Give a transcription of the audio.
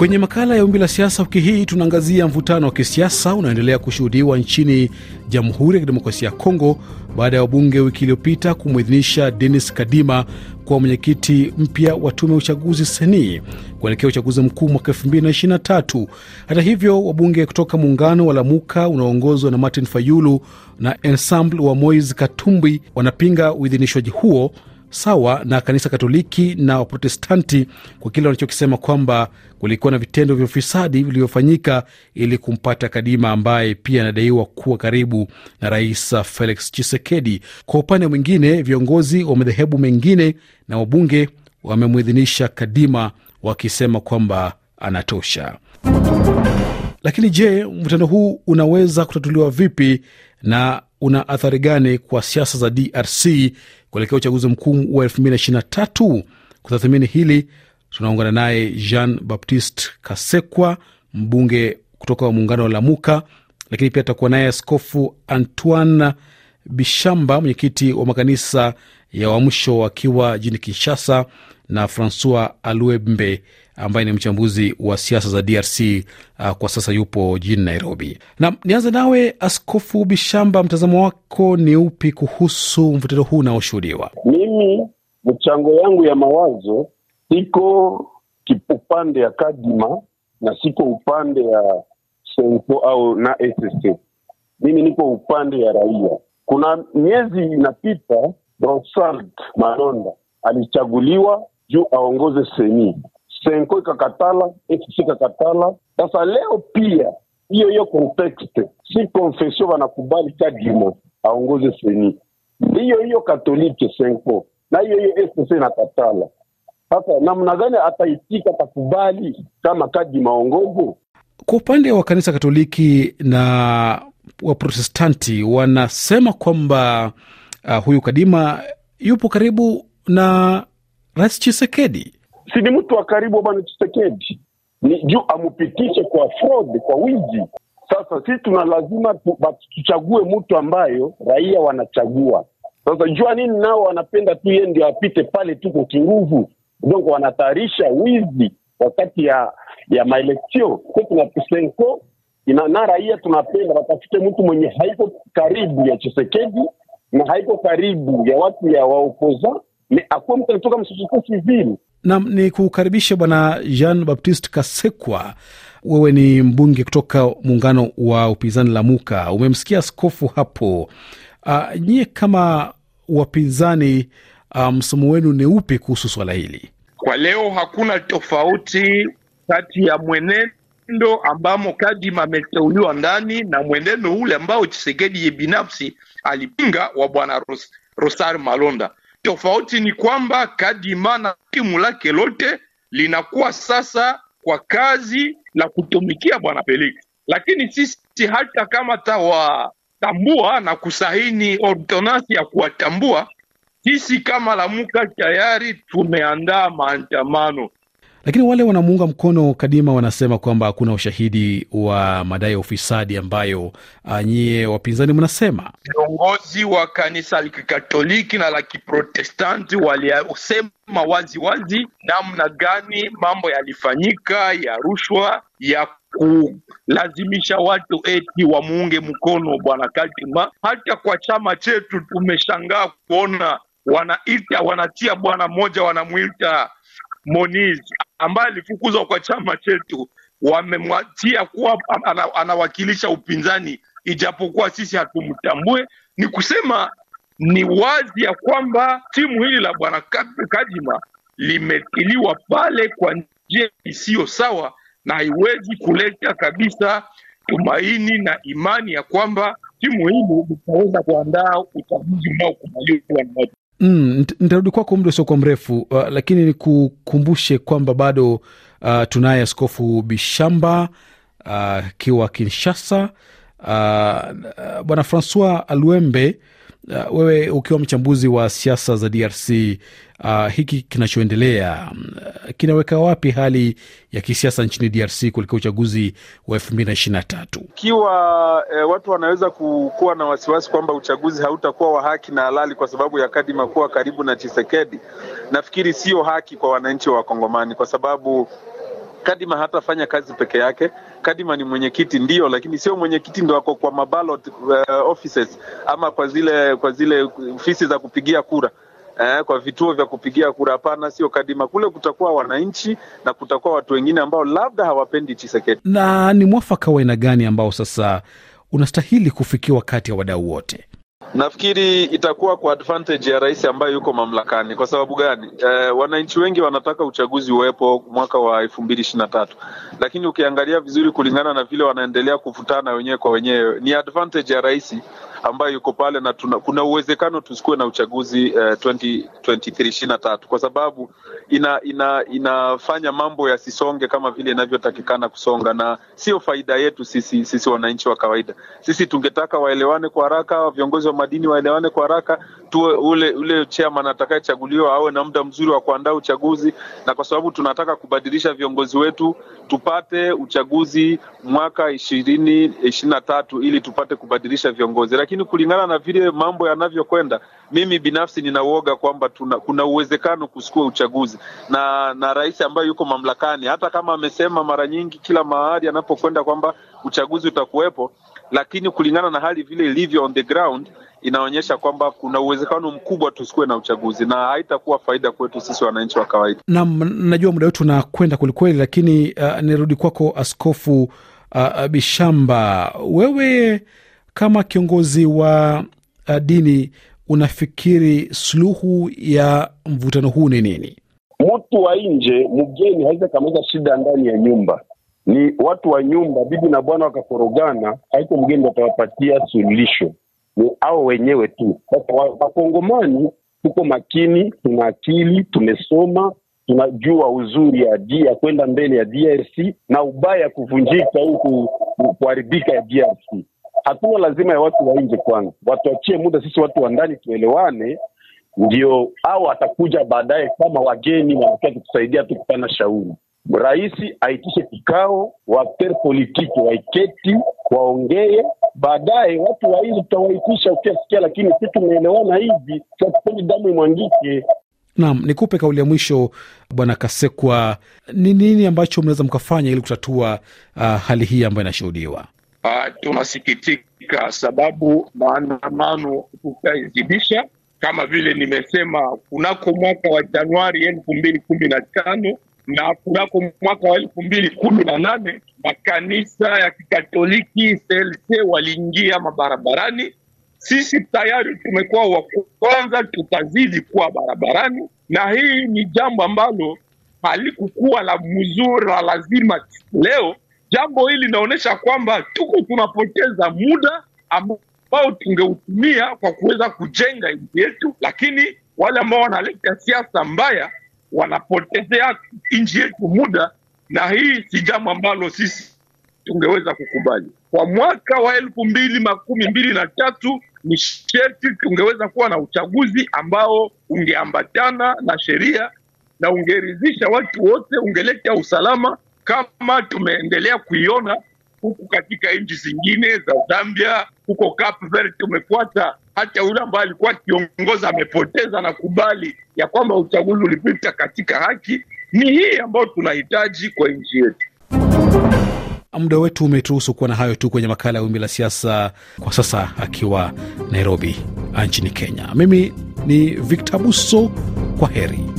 Kwenye makala ya Wimbi la Siasa wiki hii tunaangazia mvutano wa kisiasa unaoendelea kushuhudiwa nchini Jamhuri ya Kidemokrasia ya Kongo baada ya wabunge wiki iliyopita kumwidhinisha Denis Kadima kuwa mwenyekiti mpya wa tume ya uchaguzi seni kuelekea uchaguzi mkuu mwaka 2023. Hata hivyo, wabunge kutoka muungano wa Lamuka unaoongozwa na Martin Fayulu na Ensemble wa mois Katumbi wanapinga uidhinishwaji huo sawa na kanisa Katoliki na Waprotestanti kwa kile wanachokisema kwamba kulikuwa na vitendo vya ufisadi vilivyofanyika ili kumpata Kadima ambaye pia anadaiwa kuwa karibu na Rais Felix chisekedi Kwa upande mwingine, viongozi wa madhehebu mengine na wabunge wamemwidhinisha Kadima wakisema kwamba anatosha. Lakini je, mvutano huu unaweza kutatuliwa vipi na una athari gani kwa siasa za DRC kuelekea uchaguzi mkuu wa 2023? Kutathmini hili tunaungana naye Jean Baptiste Kasekwa, mbunge kutoka muungano wa Lamuka, lakini pia atakuwa naye Askofu Antoine Bishamba, mwenyekiti wa makanisa ya Uamsho akiwa jini Kinshasa, na Francois Aluembe ambaye ni mchambuzi wa siasa za DRC uh, kwa sasa yupo jijini Nairobi. Na nianze nawe Askofu Bishamba, mtazamo wako ni upi kuhusu mvutano huu unaoshuhudiwa? Mimi mchango yangu ya mawazo, siko upande ya Kadima na siko upande ya Senko au na SSC. Mimi niko upande ya raia. Kuna miezi inapita, Rosald Malonda alichaguliwa juu aongoze seni senko ikakatala FCC kakatala. Sasa leo pia hiyo hiyo kontekste, si konfesio wanakubali kadima aongoze seni hiyo hiyo katolike senko na hiyo hiyo FCC nakatala. Sasa namna gani ataitika atakubali kama kadima aongoze? Kwa upande wa kanisa Katoliki na Waprotestanti wanasema kwamba uh, huyu kadima yupo karibu na Rais Chisekedi si ni mtu wa karibu wa bwana Chisekedi, ni juu amupitishe kwa fraud, kwa wizi. Sasa sisi tuna lazima tuchague mtu ambayo raia wanachagua. Sasa jua nini, nao wanapenda tu yeye ndio apite pale tu kwa kinguvu, donc wanatayarisha wizi wakati ya ya maelektio ko pisenko ina na raia tunapenda watafute mtu mwenye haiko karibu ya Chisekedi na haiko karibu ya watu ya waopoza akuwe mtu alitoka msukosuko kivipi? Nam ni kukaribisha Bwana Jean baptist Kasekwa, wewe ni mbunge kutoka muungano wa upinzani Lamuka. Umemsikia askofu hapo. Uh, nyie kama wapinzani ah, msomo um, wenu ni upi kuhusu swala hili kwa leo? Hakuna tofauti kati ya mwenendo ambamo Kadim ameteuliwa ndani na mwenendo ule ambao Chisekedi ye binafsi alipinga wa Bwana Ros Rosar Malonda Tofauti ni kwamba Kadima na timu lake lote linakuwa sasa kwa kazi la kutumikia bwana Felix, lakini sisi hata kama tawatambua na kusaini ordonansi ya kuwatambua, sisi kama Lamuka tayari tumeandaa maandamano lakini wale wanamuunga mkono Kadima wanasema kwamba hakuna ushahidi wa madai ya ufisadi ambayo uh, nyie wapinzani mnasema. Viongozi wa kanisa la Kikatoliki na la Kiprotestanti waliosema waziwazi namna gani mambo yalifanyika ya rushwa ya kulazimisha watu eti wamuunge mkono bwana Kadima. Hata kwa chama chetu tumeshangaa kuona wanaita wanatia bwana mmoja wanamwita Moniz ambaye alifukuzwa kwa chama chetu wamemwatia kuwa anawakilisha upinzani, ijapokuwa sisi hatumtambue. Ni kusema ni wazi ya kwamba timu hili la bwana Kajima limetiliwa pale kwa njia isiyo sawa, na haiwezi kuleta kabisa tumaini na imani ya kwamba timu hili litaweza kuandaa uchaguzi unaokubaliwa Mm, nitarudi kwako muda usiokuwa mrefu uh, lakini nikukumbushe kwamba bado uh, tunaye Askofu Bishamba uh, akiwa uh, Kinshasa uh, Bwana Francois Aluembe uh, wewe ukiwa mchambuzi wa siasa za DRC uh, hiki kinachoendelea um, uh, kinaweka wapi hali ya kisiasa nchini DRC kuelekea uchaguzi wa elfu mbili na ishirini na tatu ikiwa eh, watu wanaweza kuwa na wasiwasi kwamba uchaguzi hautakuwa wa haki na halali kwa sababu ya Kadima kuwa karibu na Chisekedi, nafikiri sio haki kwa wananchi wa Kongomani kwa sababu Kadima hatafanya kazi peke yake. Kadima ni mwenyekiti ndio, lakini sio mwenyekiti ndo ako kwa mabalot uh, eh, offices ama kwa zile kwa zile ofisi za kupigia kura eh, kwa vituo vya kupigia kura. Hapana, sio Kadima. Kule kutakuwa wananchi na kutakuwa watu wengine ambao labda hawapendi Tshisekedi. Na ni mwafaka wa aina gani ambao sasa unastahili kufikiwa kati ya wadau wote? Nafikiri itakuwa kwa advantage ya rais ambaye yuko mamlakani. Kwa sababu gani? E, wananchi wengi wanataka uchaguzi uwepo mwaka wa elfu mbili ishirini na tatu, lakini ukiangalia vizuri kulingana na vile wanaendelea kuvutana wenyewe kwa wenyewe, ni advantage ya rais ambayo yuko pale na tuna, kuna uwezekano tusikuwe na uchaguzi uh, 2023 23 tatu kwa sababu ina, ina, inafanya mambo yasisonge kama vile inavyotakikana kusonga, na sio faida yetu sisi, sisi wananchi wa kawaida. Sisi tungetaka waelewane kwa haraka, viongozi wa madini waelewane kwa haraka, tuwe ule ule chairman atakayechaguliwa awe na muda mzuri wa kuandaa uchaguzi, na kwa sababu tunataka kubadilisha viongozi wetu tupate uchaguzi mwaka ishirini ishirini na tatu ili tupate kubadilisha viongozi lakini kulingana na vile mambo yanavyokwenda, mimi binafsi ninauoga kwamba tuna, kuna uwezekano kusukua uchaguzi na na rais ambaye yuko mamlakani, hata kama amesema mara nyingi kila mahali anapokwenda kwamba uchaguzi utakuwepo, lakini kulingana na hali vile ilivyo on the ground inaonyesha kwamba kuna uwezekano mkubwa tusikuwe na uchaguzi na haitakuwa faida kwetu sisi wananchi wa kawaida. Naam, najua muda wetu unakwenda kwelikweli, lakini uh, nirudi kwako Askofu uh, Bishamba, wewe kama kiongozi wa uh, dini unafikiri suluhu ya mvutano huu ni nini? Mtu wa nje mgeni haweza kamaza shida ndani ya nyumba. Ni watu wa nyumba, bibi na bwana wakakorogana, haiko mgeni watawapatia suluhisho, ni ao wenyewe tu. Sasa wakongomani tuko makini, tuna akili, tumesoma, tunajua uzuri ya di, ya kwenda mbele ya DRC na ubaya kuvunjika huku kuharibika ya DRC. Hatuna lazima ya watu wa nje, kwanza watuachie muda sisi watu wa ndani tuelewane, ndio au atakuja baadaye kama wageni wanakia kutusaidia tu kupana shauri. Rais aitishe kikao, waakter politiki waiketi, waongee. Baadaye watu wa tutawaitisha, ukiasikia, lakini si tumeelewana hivi, hatupendi damu imwangike. Naam, nikupe kauli ya mwisho Bwana Kasekwa, ni nini ambacho mnaweza mkafanya ili kutatua uh, hali hii ambayo inashuhudiwa? Uh, tunasikitika sababu maandamano tutaizidisha kama vile nimesema kunako mwaka wa Januari elfu mbili kumi na tano na kunako mwaka wa elfu mbili kumi na nane makanisa ya Kikatoliki CLC waliingia mabarabarani. Sisi tayari tumekuwa wa kwanza, tutazidi kuwa barabarani, na hii ni jambo ambalo halikukuwa la mzuri la lazima leo Jambo hili linaonyesha kwamba tuko tunapoteza muda ambao tungeutumia kwa kuweza kujenga nchi yetu, lakini wale ambao wanaleta siasa mbaya wanapotezea nchi yetu muda, na hii si jambo ambalo sisi tungeweza kukubali. Kwa mwaka wa elfu mbili makumi mbili na tatu ni sheti tungeweza kuwa na uchaguzi ambao ungeambatana na sheria na ungeridhisha watu wote, ungeleta usalama kama tumeendelea kuiona huku katika nchi zingine za Zambia, huko Cape Verde tumefuata hata yule ambaye alikuwa akiongoza amepoteza na kubali ya kwamba uchaguzi ulipita katika haki. Ni hii ambayo tunahitaji kwa nchi yetu. Muda wetu umeturuhusu kuwa na hayo tu kwenye makala ya Wimbi la Siasa kwa sasa, akiwa Nairobi nchini Kenya. Mimi ni Victor Buso, kwa heri.